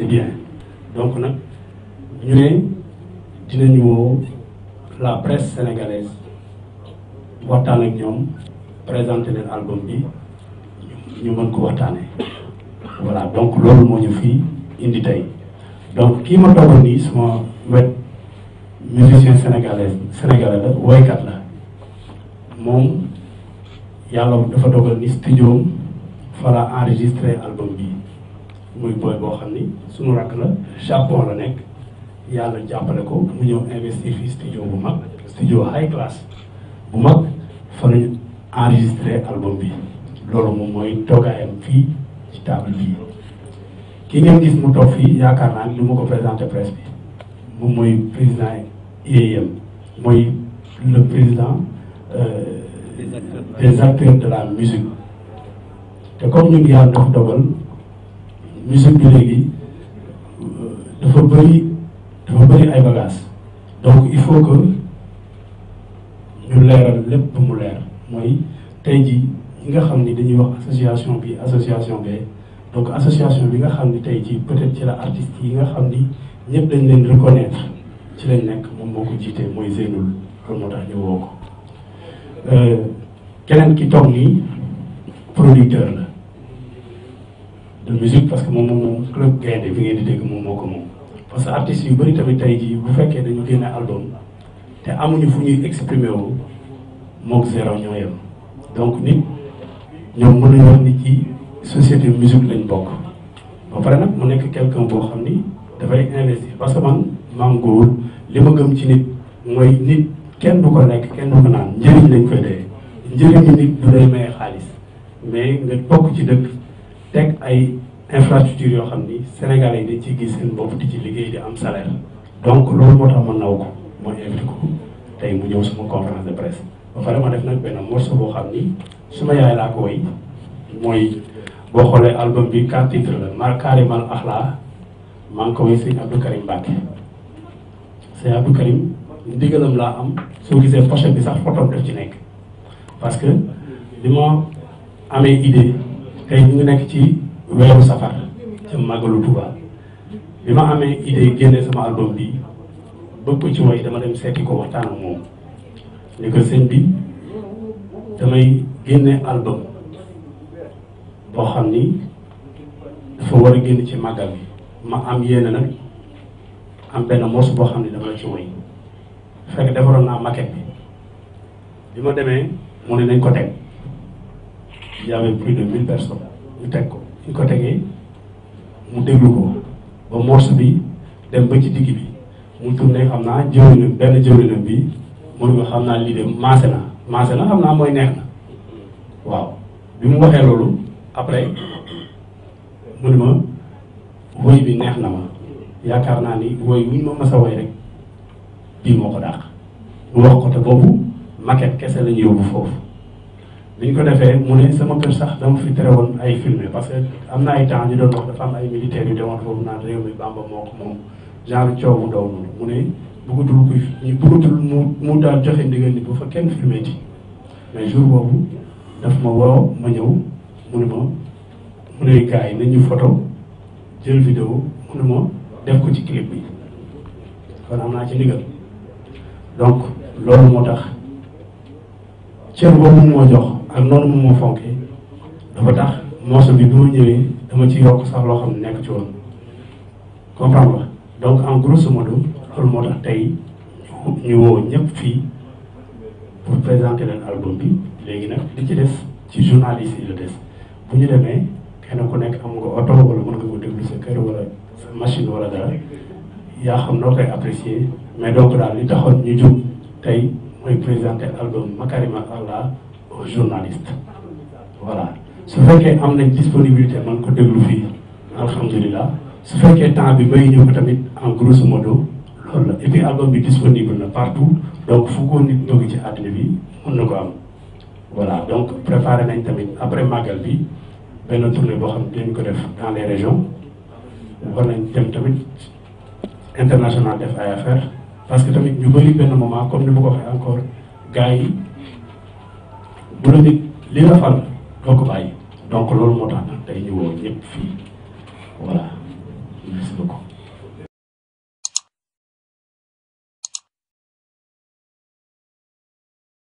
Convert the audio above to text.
c'est bien donc nag ñu ne dinañu la presse sénégalaise waxtaan ak ñoom présenter leen album bi ñu mën ko waxtaanee voilà donc loolu moo ñu fi indi tey donc kii ma toogoon nii suma wet musicien sénégalais sénégalais la woykat la moom yàlla dafa dogal ni studio fa la enregistré album bi muy booy boo xam ni suñu rakk la Japon la nekk yàlla jàppale ko mu ñëw investir fi studio bu mag studio high class bu mag fa lañu album bi loolu moom mooy toogaayam fii ci table bii ki ngeen gis mu toog fii yaakaar naa li ma ko présenté presse bi moom mooy président IEM mooy le président euh, des acteurs de la musique te comme ñu ngi yàlla dogal musique bi léegi euh, dafa bëri ay bagages donc il faut que ñu leeral lépp mu leer mooy tey jii ñi nga xam ni dañuy wax association bi association bee donc association bi nga xam ni tey ji peut-être ci la artiste yi nga xam ni ñëpp dañ leen reconnaître ci lañ nekk moom moo ko jiitee mooy Zeynul loolu moo tax ñu woo ko euh, keneen ki toog nii producteur de musique parce que moom moom club gaynde bi ngeen di dégg moom moo ko moom. parce que artistes yu bëri tamit tey jii bu fekkee dañu génne album te amuñu fu ñuy exprimer wu moog ñoo yem donc nit ñoom mën nañu wax ni ci société musique lañ bokk. ba pare nag mu nekk quelqu'un boo xam ni dafay investir parce que man maam góor li ma gëm ci nit mooy nit kenn du ko lekk kenn du ko naan njëriñ lañ koy dee njëriñu nit du lay may xaalis mais nga bokk ci dëkk. teg ay infrastructure yoo xam ni sénégalais yi dañ ciy gis seen bopp di ci liggéey di am salaire donc loolu moo tax ma naw ko ma invité tey mu ñëw suma conférence de presse ba pare ma def nag benn morceau boo xam ni suma yaay laa ko mooy boo xoolee album bi quatre titres la ma kaarimal axlaa maa ngi ko woy sëñ Abdou Karim Mbacke sëñ Abdou Karim ndigalam laa am soo gisee pochette bi sax photo daf ci nekk parce que li ma amee idée tey ñu ngi nekk ci weeru safar ca màggalu Tuuba bi ma amee idée génne sama album bi bëpp ci way dama dem seeti ko waxtaan ak moom ni ko bi damay génne album boo xam ni dafa war génn ci màggal bi ma am yéene nag am benn morceau boo xam ne dama la ci way fekk defaroon naa maquette bi bi ma demee mu ne nañ ko teg il y avait plus de mille teg ko ñu ko tegee mu déglu ko ba morse bi dem ba ci digg bi mu tourné xam naa jëwriñam benn jëwriñam bi mun nga xam naa lii de maase na maase na xam naa mooy neex na waaw bi mu waxee loolu après mu ne woy bi neex na ma yaakaar naa ni woy wuñ ma mas a woy rek bii moo ko dàq mu wax ko te boobu maquette kese la ñu yóbbu foofu bi ko defee mu ne sama kër sax dama fi tere woon ay filmer parce que am na ay temps ñu doon wax dafa ay militaires yu demoon foofu naan réew mi Bamba moo ko moom genre coow mu doon mu ne bëggatul kuy ñu bëggatul mu mu daal joxe ndigal ni bu fa kenn filmer ci mais jour daf ma woo ma ñëw mu ne ma mu ne gars yi nañu photo jël vidéo mu ne ma def ko ci clip bi kon am naa ci ndigal donc loolu moo tax cër boobu moo jox ak noonu moom moo fonkee dafa tax morceau bi bu ma ñëwee dama ci yokk sax loo xam ne nekk ci woon comprendre nga donc en grosso modo loolu tey ñu woo ñëpp fii pour présenter leen album bi léegi nag di ci des ci journaliste yi la des bu ñu demee kenn ku nekk am nga oto wala mën ko déglu sa kër wala machine wala dara yaa xam noo koy apprécier mais donc daal li taxoon ñu tey mooy présenter album Makarima Allah journaliste voilà su fekkee am nañ disponibilité man ko déglu fii alhamdulilah su fekkee temps bi may ñu ko tamit en grosso modo loolu et puis album bi disponible na partout donc fu ko nit bëgg ci àddina bi mën na ko am voilà donc préparé nañ tamit après màggal bi benn tournée boo xam dinañ ko def dans les régions war nañ dem tamit international def ay affaire parce que tamit ñu bëri benn moment comme ni ma ko waxee encore gars yi bu la nit li la fal doo ko bàyyi donc loolu moo tax nag day ñëwoo ñëpp fii voilà merci beaucoup